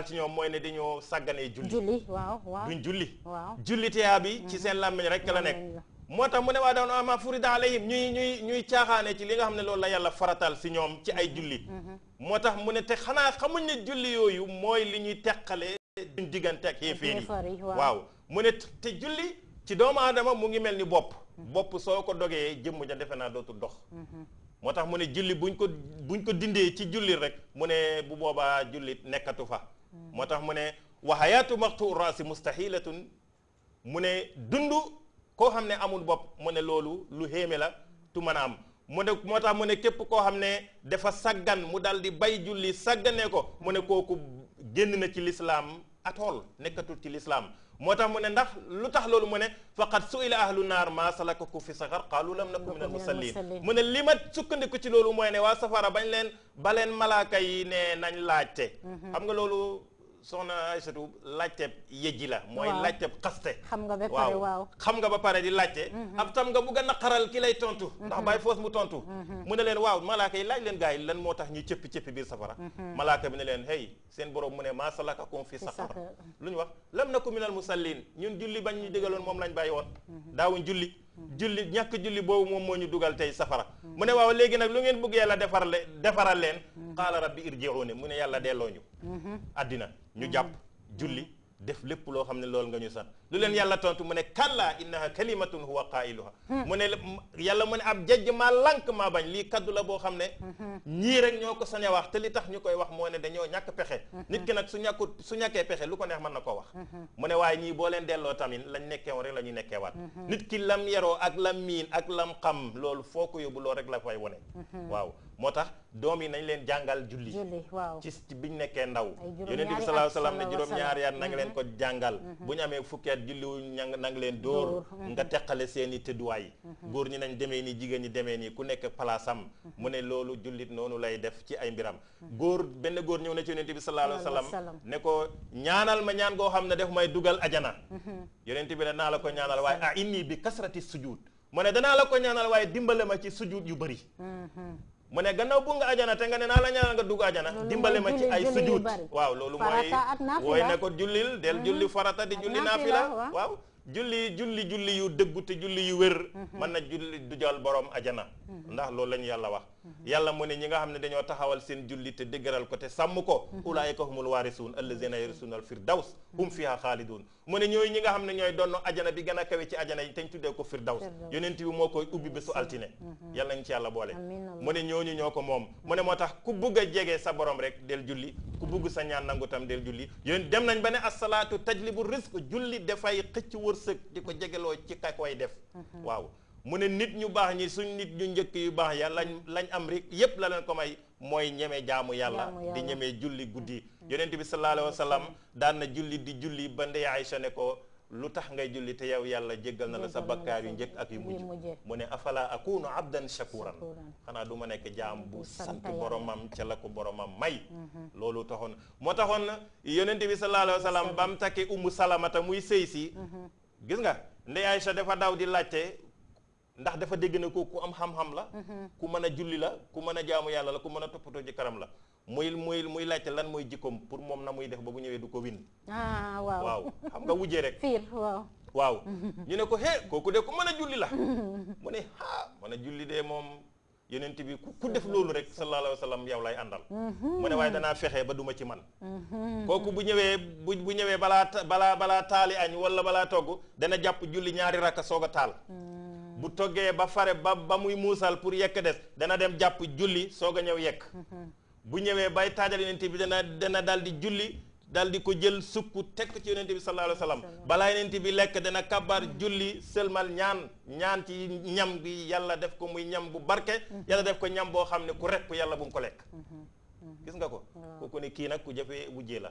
jàppal ñoom mooy ne dañoo sàgganee julli julli waaw waaw duñ julli waaw julliteyaa bi mm-hmm. ci seen làmmiñ rek la nekk moo tax mu ne waa doon ama furida alayhim ñuy ñuy ñuy caaxaane ci li nga xam ne loolu la yàlla faratal si ñoom ci ay julli mm-hmm. moo tax mu ne te xanaa xamuñ ne julli yooyu mooy li ñuy teqale diggante ak yéeféer yi waaw mu ne te julli ci doomu aadama mu ngi mel ni bopp mm-hmm. bopp soo ko dogee jëmm ja defe naa dootul dox moo tax mu ne julli buñ ko buñ ko dindee ci julli rek mu ne bu boobaa jullit nekkatu fa moo tax mu ne wa hayaatu maqtu raasi mustahilatun mu ne dund koo xam ne amul bopp mu ne loolu lu xéeme la tu mën a am mu ne moo tax mu ne képp koo xam ne dafa saggan mu dal di bay julli sagganee ko mu ne kooku génn na ci lislaam atool nekkatul ci lislaam moo tax mu ne ndax lu tax loolu mu ne faqad suila ahlu naar maa salakakum fi saqar qaalu lam naku min al musallin mu ne li ma sukkandiku ci loolu mooy ne waa safara bañ leen baleen malaaka yi ne nañ laajte mhm. xam nga loolu soxna Aysatu laajteeb yejji la mooy laajteeb xaste xam nga ba pare waaw xam nga ba pare di laajte mhm. ab tam nga bugg a naqaral ki lay tontu mhm. ndax bàyyi foos mu tontu mhm. mu ne leen waaw malaaka yi laaj leen gars lan moo tax ñu cëppi-cëppi biir safara malaaka bi ne leen hey seen borom mu ne maa salakakum fi saqar lu ñu wax lam naku minal musallin ñun julli bañ ñu digaloon moom lañ bàyyi woon daawuñ julli julli ñàkk julli boobu moom moo ñu dugal tey safara mu ne waaw léegi nag lu ngeen bëgg yàlla defar le defaral leen qaala rabbi irjiuni mu ne yàlla dellooñu àddina ñu jàpp julli def lépp loo xam ne loolu nga ñu san lu leen yàlla tontu mu ne kalla innaha kalimatun huwa qailuha mu ne yàlla mu ne ab jajj maa lànk ma bañ lii kaddu la boo xam ne ñii rek ñoo ko sañ a wax te li tax ñu koy wax moo ne dañoo ñàkk pexe nit ki nag su ñàkkut su ñàkkee pexe lu ko neex man na ko wax mu ne waaye ñii boo leen delloo tamit lañ nekkee woon rek la ñu nekkee waat nit ki lam yaroo ak lam miin ak lam xam loolu foo ko yóbbu loolu la moo tax doom yi nañ leen jàngal julli ci bi ñu nekkee ndaw yonent bi sallallahu alayhi ne juróom-ñaari at na leen mhm. ko jàngal mhm. bu ñu amee fukki at julli wu ñang na nga leen dóor mhm. nga teqale seeni tëdduwaay góor ñi nañ demee nii jigéen ñi demee nii ku nekk palaasam mu ne loolu jullit noonu lay def ci ay mbiram góor benn góor ñëw na ci yonent bi sallallahu alayhi wasallam ne ko ñaanal ma ñaan koo xam ne def may dugal ajana yonent bi ne naa la ko ñaanal waaye ah inni bi kasrati sujud mu ne danaa la ko ñaanal waaye dimbale ma ci sujud yu bëri mu ne gannaaw bu ajana te nga ne naa la ñaanal nga dugg ajana dimbale ma ci ay sujud waaw loolu mooy wooy ne ko jullil del julli mm-hmm. farata di julli naafila waaw julli julli julli yu dëggu te julli yu wér mm-hmm. mën na julli du jal borom ajana Mm-hmm. ndax loolu lañu yàlla wax mm-hmm. yàlla mu ne ñi nga xam ne dañoo taxawal seen julli te dëgëral ko te sàmm ko mm-hmm. ulaayika humul waarisuun allazina yarisuuna al firdaws hum fiha xaaliduun mu ne ñooy ñi nga xam ne ñooy doon ajana bi gën a kawe ci ajana yi te ñu tuddee ko firdaws yonent bi moo koy ubbi bésu altine yàlla nañ ci yàlla boole mu ne ñooñu ñoo ko moom mu ne moo tax ku bugg a jege sa borom rek del julli ku bugg sa ñaan nangu tam del julli yéen dem nañ ba ne assalaatu tajlibu risque julli dafay xëcc wërsëg di ko jegeloo ci ka koy def waaw mu ne nit ñu baax ñi suñ nit ñu njëkk yu baax ya lañ am rek yépp la leen ko may mooy ñeme jaamu yàlla di ñeme julli guddi yonent bi sallallahu alayhi wa sallam daan na julli di julli ba ndey Aysa ko lu tax ngay julli te yow yàlla jéggal na la sa bakkaar yu njëkk ak yu mujj mu ne afala akunu abdan shakuran xanaa du ma nekk jaam bu sant boromam ca la ko boromam may mhm. loolu taxoon moo taxoon yonent bi sallallahu alayhi wa sallam ba mu takkee umu salamata muy sëy si mhm. gis nga ndey Aysa dafa daw di laajte ndax dafa dégg na ko ku am xam-xam la mhm. ku mën a julli la ku mën a jaamu yàlla la ku mën a toppatoo ci karam la muy muy muy laajte lan mooy jikkoom pour moom na muy def ba bu ñëwee du ko win ah waaw xam nga wujjee rek fiir waaw waaw ñu ne ko hee kooku de ku mën a julli la mu ne ah mën a julli de moom ti bi ku def loolu rek sallallahu alayhi wa yow lay àndal mhm. mu ne waaye danaa fexe ba duma ci man mhm. kooku bu ñëwee bu bu ñëwee balaa balaa balaa taali añ wala balaa togg dana jàpp julli ñaari rakka soog a taal mm. bu toggee ba fare ba ba muy muusal pour yekk des dana dem jàpp julli soog a ñëw yekk bu ñëwee bay taajal yonent bi dana dana daal di julli daal di ko jël sukku teg ci yonent bi sallallahu alayhi balaa yonent bi lekk dana kabar julli sëlmal ñaan ñaan ci ñam bi yàlla def ko muy ñam bu barke yàlla def ko ñam boo xam ne ku rekk yàlla bu mu ko lekk mhm. gis nga ko ko ne kii nag ku jafee wujjee la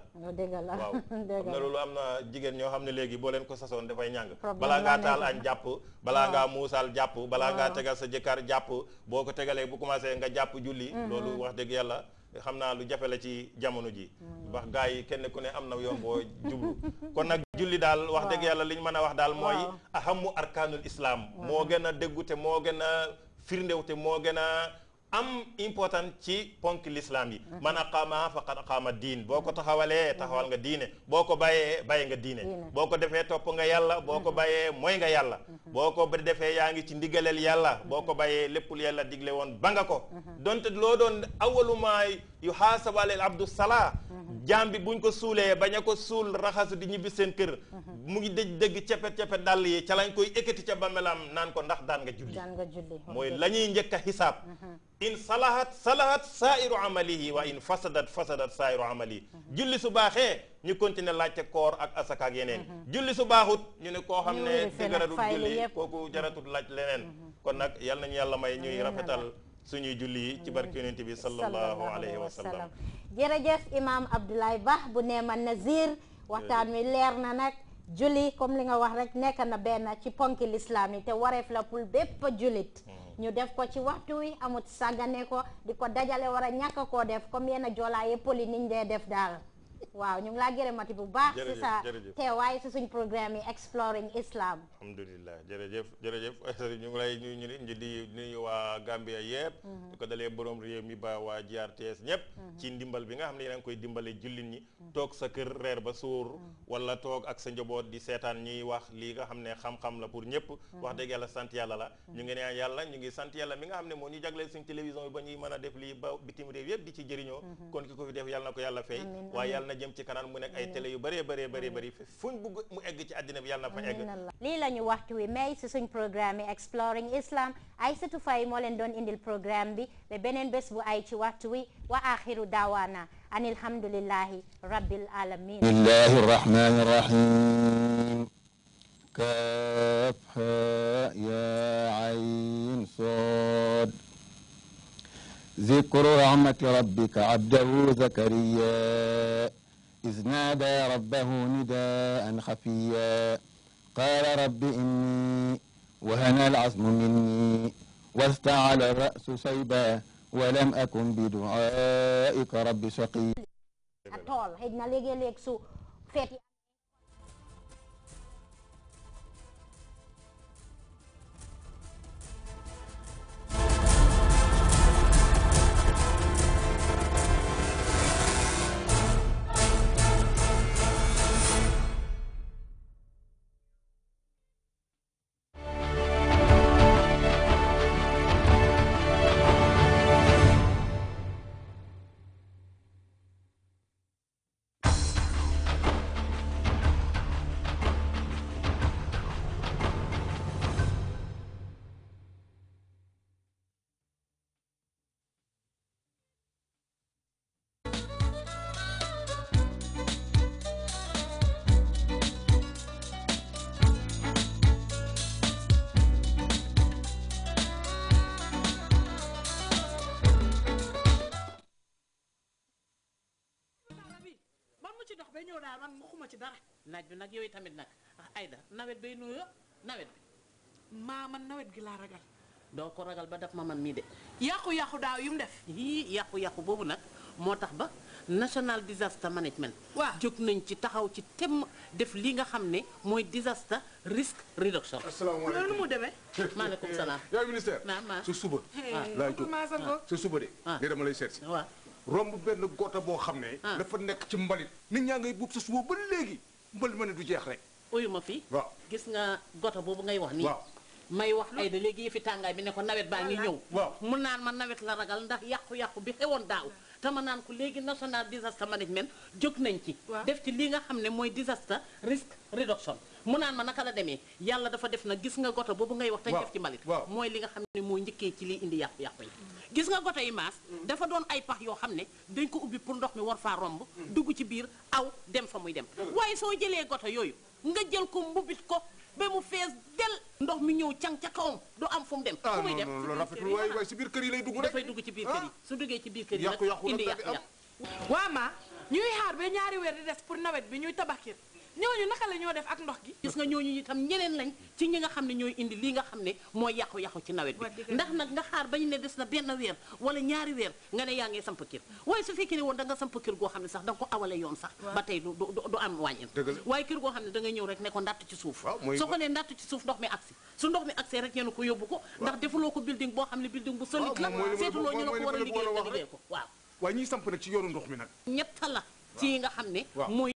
la waaw xam na loolu am na jigéen ñoo xam ne léegi boo leen ko sasoon dafay ñàng balaa ngaa taal añ jàpp balaa ngaa muusal jàpp balaa ngaa tegal sa jëkkër jàpp boo ko tegalee bu commencé nga jàpp julli mm-hmm. loolu wax dëgg yàlla xam naa lu jafe la ci jamono ji wax mm-hmm. gars yi kenn ku ne am na yoon boo jublu kon nag julli daal wax dëgg yàlla liñ ñu mën a wax daal mooy ahamu arkaanul islam moo gën a déggu te moo gën a firndew te moo gën a am important ci ponk lislaam yi mm-hmm. man aqaama faqad aqaama diin boo ko taxawalee mm-hmm. taxawal nga diine boo ko bàyyee bàyyi nga diine boo ko defee topp nga yàlla boo ko mm-hmm. bàyyee mooy nga yàlla boo ko defee yaa ngi ci ndigaleel yàlla boo ko bàyyee léppul yàlla digle woon ba nga ko donte loo doon awaluma yu xaasabaaleel abdu salaa jaam bi buñ ko suulee bañ a ko suul raxasu di ñibbi seen kër mu ngi dëj dëgg cepet cepet dàll yi ca lañ koy ekkati ca bàmmeelam naan ko ndax daan nga julli in salahat salahat saairu amalihi wa in fasadat fasadat saairu amalihi julli su baaxee ñu continuer laajte koor ak asaka yeneen julli su baaxut ñu ne koo xam ne sigaratut julli kooku jaratut laaj leneen kon nag yal nañu yàlla may ñuy rafetal suñuy julli yi ci barke yonent bi sallallahu alayhi wa sallam jërëjëf imaam Abdoulaye Ba bu neema nazir waxtaan wi leer na nag julli comme li nga wax rek nekk na benn ci ponki lislaam yi te wareef la pour bépp jullit mm-hmm. ñu def ko ci waxtu wi amut sàggane ko di ko dajale war a ñàkk koo def comme yenn joolaa yi poli niñ dee def daal waaw ñu ngi gëré mati bu baax ci sa teewaay ci suñu programme exploring islam alhamdulilah jërëjëf jërëjëf ñu eh, ngi lay ñu ñu ñu di nuyu wa Gambia yépp diko dalé borom réew mi ba wa GRTS ñëpp mm-hmm. ci ndimbal bi nga xam ne yéen koy dimbalé jullit ñi tok sa kër rër ba suur mm-hmm. wala tok ak sa njaboot di sétane ñuy wax li nga xamné xam-xam la pour ñëpp wax dëgg yalla sant yalla la ñu ngi ñaan yalla ñu ngi sant yalla mi nga xamné mo ñu jaglé suñu télévision bi ba ñuy mëna def li bitim réew yépp di ci jëriño mm-hmm. kon kiko fi def yalla nako yalla fay wa yalla na jëm ci kanam mu nek ay télé yu bari bari bari bari fuñ bëgg mu egg ci adina bi yàlla na fa egg li lañu wax ci wi may ci suñ programme exploring islam Aysatu Fay mo len doon indil programme bi be benen bés bu ay ci waxtu wi wa akhiru dawana anil alhamdulillahi rabbil alamin bismillahi rahmani rahim كافها يا عين صاد ذكر رحمة ربك عبده زكريا إذ نادى ربه نداء خفيا قال رب إني وهنا العظم مني واستعل الرأس شيبا ولم أكن بدعائك رب شقي. daal man waxuma ci dara naaj bi nag yooyu tamit nag ayda ah, nawet bay nuyu nawet bi maa man nawet gi laa ragal doo ko ragal ba daf ma man mii de yàqu-yàqu daaw yu mu def yàqu-yàqu boobu nag moo tax ba national disaster management waaw jóg nañ ci taxaw ci temm def li nga xam ne mooy disaster risk reduction asalaamaaleykum loolu mu demee maaleykum salaam yooyu ministère su suba laay jóg su suba de nga ah. dama lay seet si waaw romb benn gota boo xam ne. Ah. dafa nekk ci mbalit. nit ñaa ngay buub sa suba ba léegi mbalit ma ne du jeex rek. uyu ma fi. waaw gis nga gota boobu ngay wax nii. may wax ay da léegi yëfi tàngaay bi ne ko nawet baa ngi ñëw. waaw mu naan ma nawet la ragal ndax yàqu-yàqu bi xewoon daaw. te ma naan ko léegi national disaster management jóg nañ ci. def ci li nga xam ne mooy disaster risk reduction. mu naan ma naka la demee yàlla dafa def na gis nga gota boobu ngay wax. te def ci mooy li nga xam ne moo njëkkee ci liy indi yàqu-yàqu gis nga gote yi maas dafa doon ay pax yoo xam ne dañ ko ubbi pour ndox mi war faa romb dugg ci biir aw dem fa muy dem waaye soo jëlee gote yooyu nga jël ko mbubbit ko ba mu fees del ndox mi ñëw can ca kawam du am fu mu dem ah, fu muy dem waaye si biir kër yi lay dugg rek dafay dugg ci biir kër yi ah. su duggee ci biir kër yi nag indi yàqu yàqu waa ma ñuy xaar ba ñaari weer di des pour nawet bi ñuy tabaxir ñooñu naka la ñoo def ak ndox gi. gis nga ñëw ñooñu itam ñeneen lañ ci ñi nga xam ne ñooy indi lii nga xam ne mooy yàqu-yàqu ci nawet bi ndax nag nga xaar bañ ne des na benn weer wala ñaari weer nga ne yaa ngi samp kër waaye su fekkee woon da nga samp kër goo xam ne sax da nga awale yoon sax ba tey du du waaye kër goo xam ne da nga ñëw rek ne ko ndatt ci suuf soo ko ne ndatt ci suuf ndox mi agsi su ndox mi agsee rek ñeenu ko yóbbu ko ndax defuloo ko building boo xam ne building bu solide la seetuloo ñu la ko war a liggéey nga liggéey ko waaw waaye samp nag ci yoonu ndox mi nag ñett la ci nga xam ne mooy